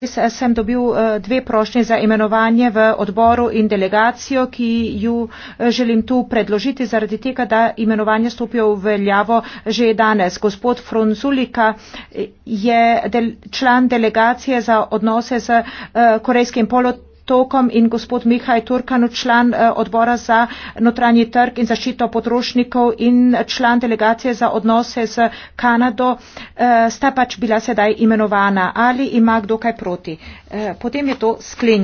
Eh, sem dobil eh, dve prošnje za imenovanje v odboru in delegacijo, ki ju eh, želim tu predložiti zaradi tega, da imenovanje stopijo v veljavo že danes. Gospod Fronzulika je del, član delegacije za odnose z korejskim polotokom tokom in gospod Mihaj Turkan, član eh, odbora za notranji trg in zaščito potrošnikov in član delegacije za odnose z Kanado, eh, sta pač bila sedaj imenovana. Ali ima kdo kaj proti? Eh, potem je to sklenjeno.